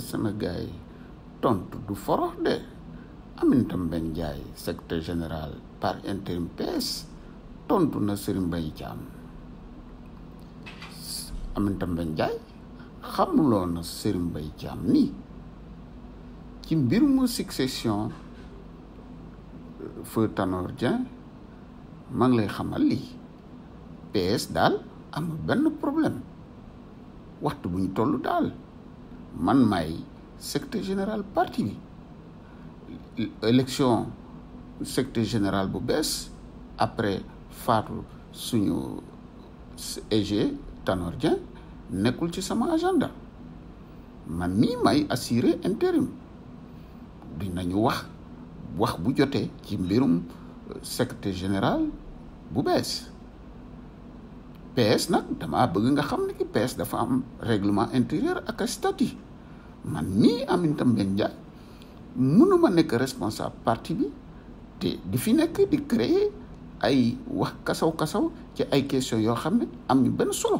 sama gay tontu du forox de tam ben Ndiaye secrétaire général par intérim PS tontu na Serigne Mbaye Thiam Aminata Mbengue Ndiaye xamuloo na Serigne Mbaye cham ni ci mbir mu succession Feu Tanor jan mang lay xamal li PS dal, am ben problème waxtu buñu tollu dal man may secrétaire général parti bi élection secrétaire général bu bees après faatu suñu EG Tanor Dieng nekkul ci sama agenda man mii may assurer intérim nañu wax wax bu jotee ci mbirum euh, secrétaire général bu bees PS nag dama bëgg nga xam ne ki PS dafa am réglement intérieur ak stati man mii Aminata Mbengue Ndiaye mënuma nekk responsable parti bi te di fi nekk di créer ay wax kasaw-kasaw ci ay question yoo xam ne am ñu benn solo